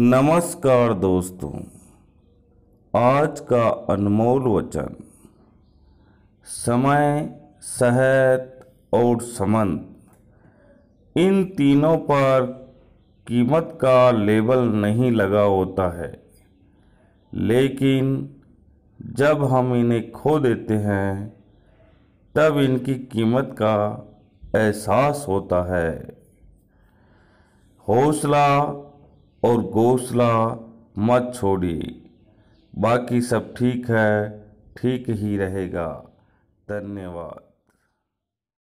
नमस्कार दोस्तों आज का अनमोल वचन समय सेहत और समंत इन तीनों पर कीमत का लेबल नहीं लगा होता है लेकिन जब हम इन्हें खो देते हैं तब इनकी कीमत का एहसास होता है हौसला और घोंसला मत छोड़ी बाकी सब ठीक है ठीक ही रहेगा धन्यवाद